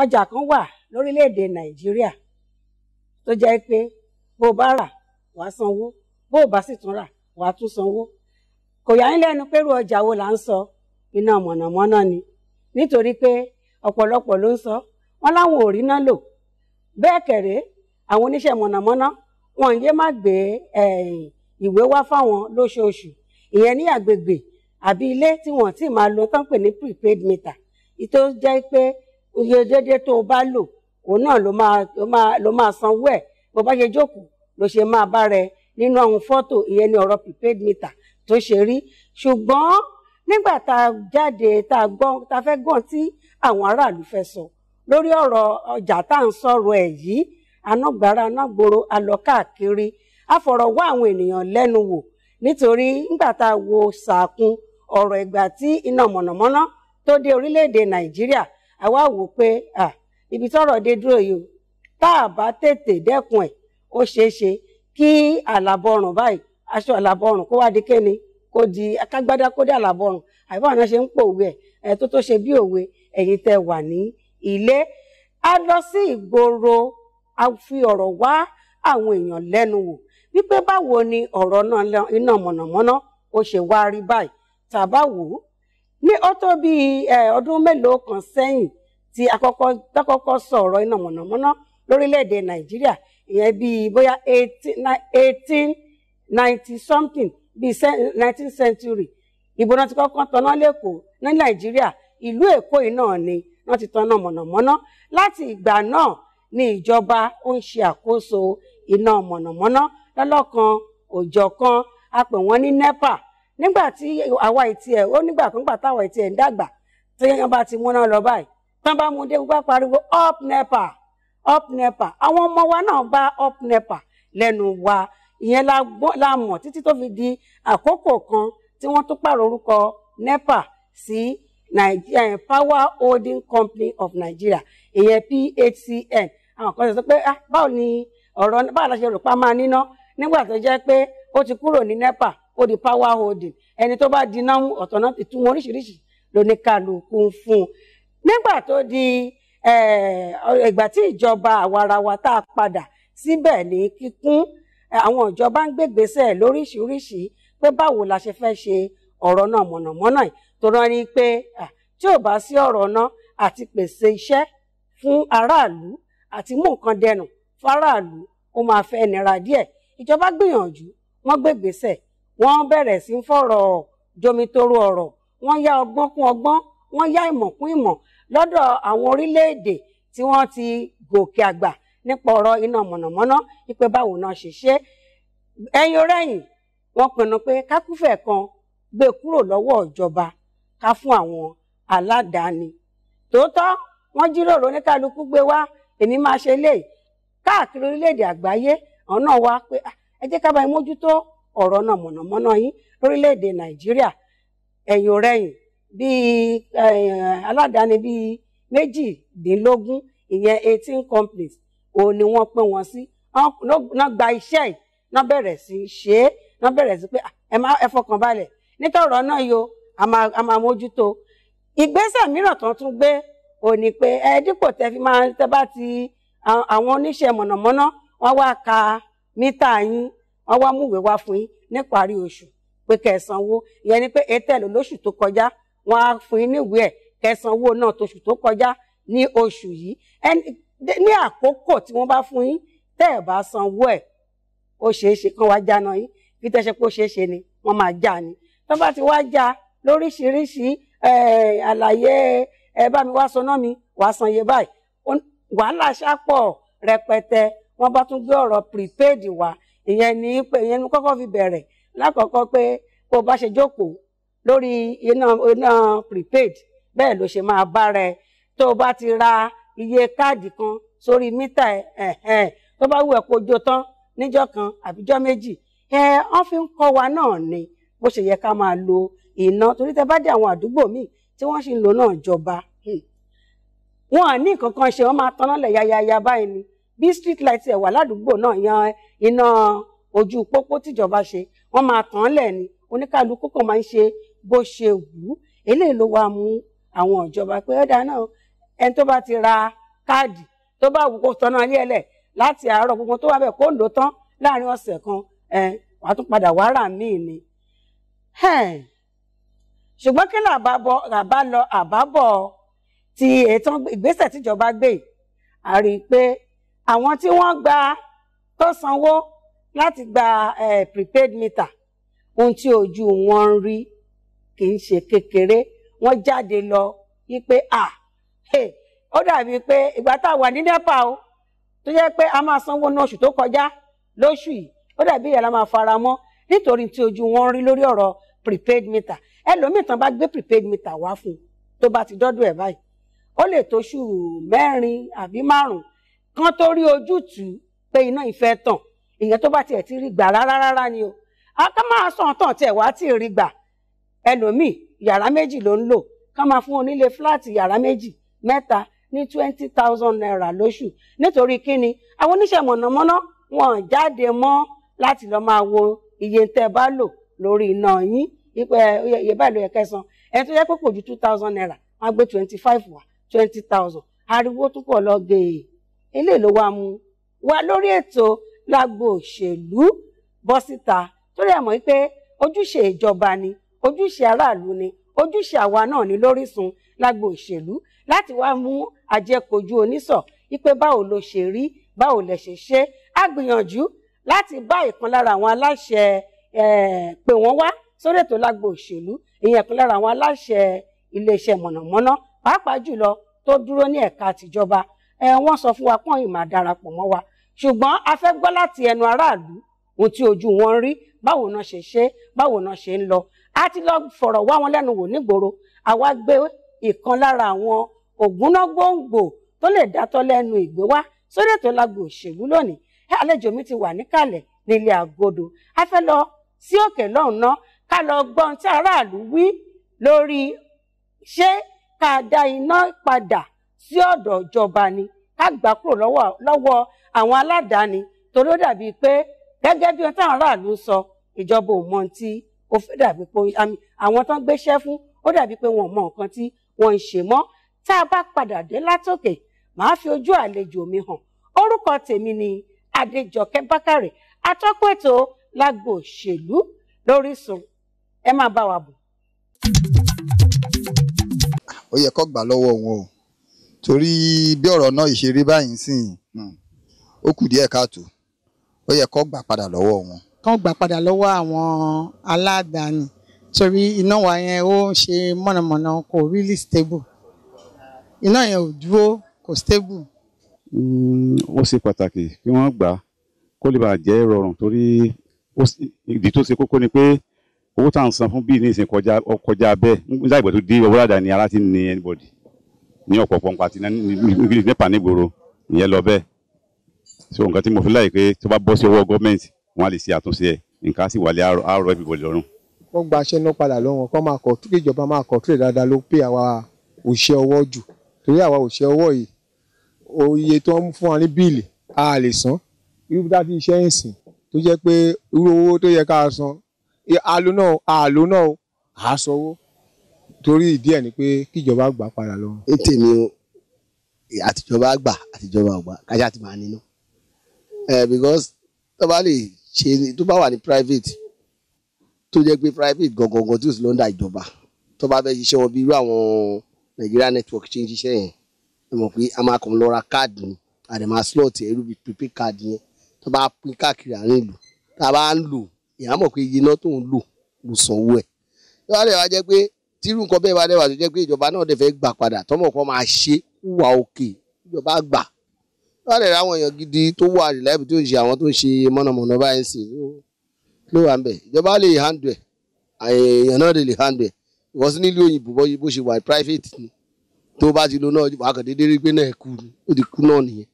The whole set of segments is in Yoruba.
ọjà kan wà lórílẹ̀‐èdè nàìjíríà tó jẹ́ pé bó bá rà wà á sanwó bó bá sì tún rà wà á tún sanwó kò yà ń lẹ́nu pẹ̀lú ọjà wo là ń sọ iná mọ̀nàmọ́ná ni nítorí pé ọ̀pọ̀lọpọ̀ ló ń sọ wọ́n láwọn ò rí iná lò bẹ́ẹ̀ kẹ̀rẹ́ àwọn oníṣẹ́ mọ̀nàmọ́ná wọn yé má gbé ìwé wá fáwọn lóṣooṣù ìyẹn ní àgbègbè àbí ilé tí wọ́n ti máa lo tán pè ní prepaid meter ìtó jẹ́ pé iye déédé tó o bá lò òun náà ló máa ló máa ló máa sanwó ẹ̀ bó bá ṣe jókòó ló ṣe máa bá rẹ nínú àwọn fọ́tò ìyẹn ní ọ̀rọ̀ prepaid meter tó ṣe rí ṣùgbọ́n nígbà tá a jáde tá a gbọ́ tá a fẹ́ gbọ́n tí àwọn aráàlú fẹ́ sọ lórí ọ̀rọ̀ ọjà tá à ń sọ̀rọ̀ ẹ̀ yìí anágbára anágboro alọ káàkiri a fọ̀rọ̀ wá àwọn ènìyàn lẹ́nu wò nítorí nígbà tá a wo sàkún ọ̀rọ̀ ìgbà tí iná mọ̀nàmọ́ná tó dé orílẹ̀-èdè nàìjíríà àwa wò pé ibi tọ́rọ̀ dé dúró yìí tá a bá tètè dẹ́kun ẹ̀ ó ṣeé ṣe kí àlàbọ̀rùn báyìí aṣọ àlàbọ̀rùn kó wá di kéne kó di akágbádá kó dé àlàbọ̀rùn àbíbáwọn náà ṣe ń pòwe ẹ̀ tó tó ṣe bí òwe ẹ̀yin tẹ́ wà ní ilé a lọ sí ìgboro a fi ọ̀rọ̀ wá àwọn èèyàn lẹ́nu wò wípé báwo ni ọ̀rọ̀ iná mọ̀nàmọ́ná ó ṣe wá rí báyìí tá wò ó ní ó tó bíi ọdún mélòó kan sẹ́yìn tí àkọ́kọ́ tọ́kọ́kọ́ sọ̀rọ̀ iná mọ̀nàmọ́ná lórílẹ̀‐èdè nàìjíríà ìyẹn bíi bóyá 1890 ninety something bíi th century ìbò náà ti kọ́kọ́ tanná lẹ́kọ̀ọ́ ní nàìjíríà ìlú èkó yìí náà ni wọ́n ti tanná mọ̀nàmọ́ná láti ìgbà náà ni ìjọba ó ń ṣe àkóso iná mọ̀nàmọ́ná lọ́lọ́kan òjọ̀kan a ní nepa nígbà tí àwa ìtì ẹ̀ ó nígbà kan gbà táwa ìtì ẹ̀ ń dàgbà tí wọ́n bá ti wọ́n náà lọ báyìí tán bá mú dé gbogbo pariwo up nepa up nepa àwọn ọmọ wa náà bá up nepa lẹ́nu wa ìyẹn la mọ̀ títí tó fi di àkókò kan tí wọ́n tún pààrọ̀ orúkọ nepa sí Nigeria eh, Power Holding Company of Nigeria ìyẹn PHCN àwọn kan sọ pé ah, báwo ni ọ̀rọ̀ báwo la ṣe rò pa máa níná nígbà tó jẹ́ pé ó ti kúrò ní nepa ó di power holding ẹni tó bá di náà ọ̀tọ̀ náà ti tún wọn oríṣiríṣi lóníkàlùkù ń fún un nígbà tó di eh, ìgbà tí ìjọba àwarawa tá a padà síbẹ̀ ní kíkún eh, àwọn ìjọba ń gbégbèsè lóríṣiríṣi pé báwo la ṣe fẹ́ ṣe ọ̀rọ̀ náà mọ̀nàmọ́ná yìí tó rán ni pé tí ò bá sí ọ̀rọ̀ náà àti pèsè iṣẹ́ fún aráàlú àti mú nǹkan dẹnu fáráàlú ó máa fẹ́ nira díẹ̀ ìjọba gbìyànjú wọ́n gbé gbèsè wọ́n bẹ̀rẹ̀ sí ń fọ̀rọ̀ jomitoro ọ̀rọ̀ wọ́n yá ọgbọ́n kún ọgbọ́n wọ́n yá ìmọ̀ kún ìmọ̀ lọ́dọ̀ àwọn orílẹ̀-èdè tí wọ́n ti gòkè àgbà nípa ọ̀rọ̀ iná mọ̀nàmọ́ná wípé báwo náà ṣe ṣe ẹyin orẹ́yìn wọ́n pinnu pé kákúfẹ̀ kan gbé e kúrò lọ́wọ́ ìjọba ká fún àwọn aládàáni tòótọ́ wọ́n jíròrò oníkálukú gbé wá èmi máa ṣe léyìí káàkiri orílẹ̀-èdè àgbáyé ọ̀nà wa pé ah ẹ jẹ́ ká bá yín mójútó ọ̀rọ̀ náà mọ̀nàmọ́ná yín lórílẹ̀‐èdè nàìjíríà ẹ̀yìn ọ̀rẹ́yìn bíi aládàáni bíi méjìdínlógún ìyẹn eighteen companies òun ni wọ́n pín wọn sí náà gba iṣẹ́ yìí náà bẹ̀rẹ̀ sí í ṣe é náà bẹ̀rẹ̀ sí pé ẹ fọkàn balẹ̀ nítorọ̀ náà yo a máa mójútó ìgbésẹ̀ mìíràn tó tún gbé ò ní pé ẹ dípò tẹ fi máa tẹ bá ti àwọn oníṣẹ́ mọ̀nàmọ́ná wọ́n wá ka mítà yín wọ́n wá múwèé wá fún yín níparí oṣù pé kẹsànwó ìyẹn ni pé etel lóṣù tó kọjá wọ́n á fún yín níwèé ẹ̀ kẹsànwó náà tóṣù tó kọjá ní oṣù yìí ní àkókò tí wọ́n bá fún yín tẹ́ ẹ̀ bá sanwó ẹ̀ ó ṣeé ṣe kán wá jáná yín bí tẹ́ ṣe pé ó ṣeé ṣe ni wọ́n máa já ni tó bá ti wá já lóríṣìíríṣìí àlàyé ẹ bá mi wá sọ náà mi wàá san iye báyìí wàhálà ṣàpọ̀ rẹpẹtẹ wọ́n bá tún gbé ọ̀rọ̀ prepaid wá ìyẹn ní pé ìyẹn ní kọ́kọ́ fi bẹ̀rẹ̀ lákọ̀ọ́kọ́ pé kó o bá ṣe jókòó lórí iná iná prepaid bẹ́ẹ̀ ló ṣe máa bá rẹ tó o bá ti ra iye káàdì kan sórí mítà ẹ̀ tó bá wù ẹ́ kó o jó tán níjọ́ kan àbíjọ́ méjì ẹ̀ wọ́n fi ń kọ́ wa náà ni bó ṣe yẹ ká máa lo iná torí tẹ bá dé àwọn àdúgbò míì tí wọ́n sì ń lò náà jọba hmm, wọn à ní nǹkan kan ṣe wọ́n máa tanná lẹ̀ yáyáyá báyìí ni bí street light ẹ̀ wà ládùúgbò náà yan iná ojú pópó tìjọba ṣe wọ́n máa tàn án lẹ̀ ni oníkálukú kò máa ń ṣe bó ṣe wù ú eléyìí ló wá mú àwọn ìjọba pé ẹ̀dá náà ẹni tó bá ti ra káàdì tó bá wù kó tọ́nà ilé ẹlẹ̀ láti àárọ̀ gbogbo tó wà bẹ̀ kó lò tán láàrin ọ̀sẹ̀ kan ẹ̀ wàá tún padà wàá rà míì ni ṣùgbọ́n kí làbábọ̀ àbálọ àbábọ̀ ti ètò ìgbésẹ̀ tíjọba gbé yìí a pé àwọn tí wọ́n gba tó sanwó láti gba prepaid meter ohun tí ojú wọn ń rí kì í ṣe kékeré wọ́n jáde lọ wípé à ó dàbí pé ìgbà tá a wà ní nepa o tó jẹ́ pé a máa sanwó ní oṣù tó kọjá lóṣù yìí ó dàbí ìyá la máa fara mọ́ nítorí tí ojú wọn ń rí lórí ọ̀rọ̀ prepaid meter ẹlòmíì tán bá gbé prepaid meter wá fún un tó bá ti dọ́dọ̀ ẹ̀ báyìí ó lè tóṣù mẹ́rin àbí márùn kán tó rí ojútùú pé iná ìfẹ́ tàn ìyẹn tó bá tiẹ̀ ti rí gbà rárá rárá ni o ká máa sàn tàn tiẹ̀ wá tí ì rí gbà ẹlòmíì yàrá méjì ló ń lò ká máa fún onílé fúláàtì yàrá méjì mẹ́ta ní twenty thousand naira lóṣù nítorí kíni àwọn oníṣẹ́ mọ̀nàmọ́ná wọn jáde mọ́ láti lọ́ọ́ máa wo iye tẹ́ bá lò lórí iná yín ipẹ iye báyìí ló yẹ kẹsàn ẹni tó yẹ pé kò ju two thousand naira wọn á gbé twenty five wá twenty thousand ariwo tó pọ̀ lọ gèè eléyìí ló wá mú wa lórí ètò lágbo òṣèlú bọ́ síta torí àmọ́ pé ojúṣe ìjọba ni ojúṣe aráàlú ni ojúṣe àwa náà ni lórísun lágbo òṣèlú láti wá mú àjẹkojú onísọ̀ wípé báwo ló ṣe rí báwo lẹ ṣe ṣe á gbìyànjú láti bá ìkan lára àwọn aláṣẹ pé wọ́n wá sórí ètò lágbo òṣèlú ìyẹn ìkan lára àwọn aláṣẹ iléeṣẹ́ mọ̀nàmọ́ná pàápàá jùlọ tó dúró ní ẹ̀ka tìjọba ẹ wọ́n sọ fún wa pọ́n yìí máa darapọ̀ mọ́ wa ṣùgbọ́n a fẹ́ gbọ́ láti ẹnu aráàlú ohun tí ojú wọn rí báwo náà ṣe ṣe báwo náà ṣe ń lọ a ti lọ fọ̀rọ̀ wá wọn lẹ́nu wò nígboro àwa gbé ìkan lára àwọn ògúnná gbòǹgbò tó lè dátọ́ lẹ́nu ìgbé wá sórí ètò lágbo òṣèlú lónìí àlejò mi ti wà níkàlẹ̀ nílé àgọ́dọ̀ a fẹ́ lọ sí òkè lọ́hùn náà ká lọ gbọ́ ohun tí aráàlú wí lórí ṣé ká dá iná padà sí ọ̀dọ̀ ìjọba ni ká gbà kúrò lọ́wọ́ àwọn aládàáni torí ó dàbí pé gẹ́gẹ́ bí wọn táwọn aráàlú sọ ìjọba ò mọ tí ó fẹ́ dàbí pé àwọn tán gbéṣẹ́ fún ó dàbí pé wọn ò mọ nǹkan tí wọn ń ṣe mọ́ tá a bá padà dé látòkè màá fi ojú àlejò mi hàn orúkọ tèmi ni Adéjọkẹ́ Bákàrẹ̀ atọ́kùn ètò lágbo òṣèlú lóríṣun ẹ máa bá wa bọ̀. ó yẹ kó gbà lọ́wọ́ wọn o torí bí ọ̀rọ̀ náà ìṣeré báyìí sìn ó kù díẹ̀ káàtó ó yẹ kó gbà padà lọ́wọ́ wọn. kó gbà padà lọ́wọ́ àwọn aládàáni torí iná wa yẹn ó ń ṣe mọ̀nàmọ́ná kò really stable iná yẹn ò dúró kò stable. ó ṣe pàtàkì kí wọ́n gbà kó lè bàa jẹ́ rọrùn torí ìdí tó ṣe kókó ni pé owó tá à ń san fún bíi ní ìsìn kọjá bẹ́ẹ̀ nígbà ìgbà tó dé ọwọ́ àdáni ara ní anybody ní ọ̀pọ̀pọ̀ nǹkan àti nípa nígboro ìyẹn lọ bẹ́ẹ̀ so nǹkan tí mo fi láyè pé tó bá bọ́ sí ọwọ́ gọ́ọ̀mẹ̀ntì wọn á lè ṣe àtúnṣe ẹ̀ nǹkan á sì wà lé àárọ̀ everybody lọ́rùn. wọ́n gba aṣẹ́ náà padà lọ́wọ́ kọ́ máa kọ̀ kí ìjọba máa kọ̀ tó lè dáadáa ló pé àwa òṣìṣẹ́ ọwọ́ jù torí àwa òṣìṣẹ́ ọwọ́ yìí oye tó ń fún wa ní bíìlì a lè san irú bí dájú iṣẹ́ ń sìn tó jẹ́ pé irú owó tó yẹ ká san àlò náà àlò náà àá sanwó torí ìdí ẹ̀ ni pé kíjọba gbà padà lọ. ń tèmi o àtijọba gbà àtijọba gbà kájà ti máa nínú because tó bá lè ṣe tó bá wà ní private tó jẹ́ pé private gangan tí ò sí lọ́ndà ìjọba tó bá fẹ́ ṣiṣẹ́ wọn bí irú àwọn Nigeria network ṣe ń ṣiṣẹ́ yẹn ẹ mọ̀ pé a máa kàn lọ ra káàdì ni àdèmà slot ẹ̀rú bíi prepaid káàdì yẹn tó bá pín káàkiri àárín ìlú tá a bá ń lò ìyá mọ̀ pé iye náà tó ń lò ló sanwó ẹ̀ tó bá lè wá jẹ́ pé tírú nǹkan bẹ́ẹ̀ bá dẹ̀ wà tó jẹ́ pé ìjọba náà dẹ̀ fẹ́ gbà padà tọ́mọ̀ kan máa ṣe wà òkè ìjọba gbà wọ́n rẹ̀ ráwọn èèyàn gidi tó wà rìláìbù tó ń ṣe àwọn tó ń ṣe mọ̀nàmọ̀nà báyìí sí ló wà ń bẹ̀ ìjọba lè handle ẹ̀ èèyàn náà lè handle ẹ̀ ìwọ́sí nílùú òyìnbó bó ṣe wà private ni tó bá ti lo náà wàá kàn déédéé rí pé náà kú ó ti kú náà nìyẹn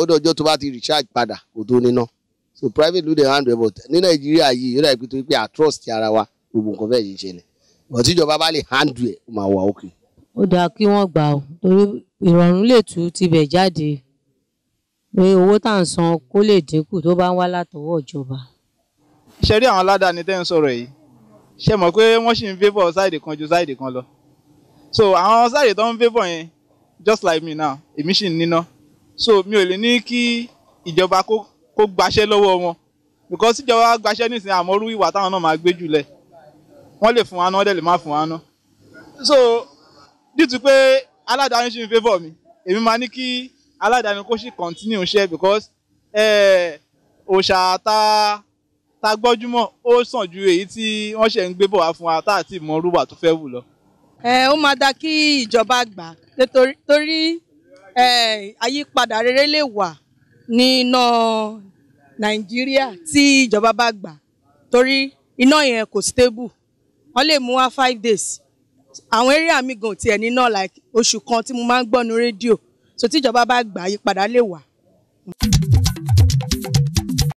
ọjọ́ ọjọ́ tó bá ti recharge padà kò tó níná so private ló dẹ̀ handle ẹ̀ but ní nàìjíríà yìí ó dà pé pé à trust ara wa gbogbo nǹkan bẹ́ẹ̀ yìí ṣe ni but tíjọba bá lè handle ẹ̀ ó máa wà òkè. ó dáa kí wọ́n gbà ó torí ìrọ̀rùn lè tú tibẹ̀ jáde pé owó tá à ń san kó lè dínkù tó bá ń wá látọwọ́ ìjọba. ṣe rí àwọn aládàáni tẹ́ ń sọ̀rọ̀ yìí ṣe mọ̀ pé wọ́n sì ń favour ṣáìdì kan ju ṣáìdì kan lọ so àwọn ṣáìdì tó ń favour yẹn just like me now èmi sì ń níná so mi ò lè ní kí ìjọba kó gbaṣẹ́ lọ́wọ́ wọn because ìjọba gbaṣẹ́ nísìnyí àmọ́rú ìwà táwọn náà máa gbé jùlẹ̀ wọ́n lè fún wa ná wọ́n dẹ̀ lè má fún wa ná so due to pé aládàáni ṣì ń favour mi èmi máa ní kí aládàáni kó sì continue ṣe because òòṣà ta ta gbọ́júmọ̀ ó sàn ju èyí tí wọ́n ṣe ń gbé bọ̀ wá fún wa tá àti ìmọ̀ rúwà tó fẹ́ wù lọ. ẹ ó máa dáa kí ìjọba gbà torí àyípadà rere lè wà ní Nàìjíríà tí ìjọba bá gbà torí iná yẹn kò stable wọ́n lè mú wá five days àwọn eré àmì gan tiẹ̀ ní náà like oṣù kan tí mo máa ń gbọ́ nu rédíò so tíjọba bá gbà yí padà lè wà.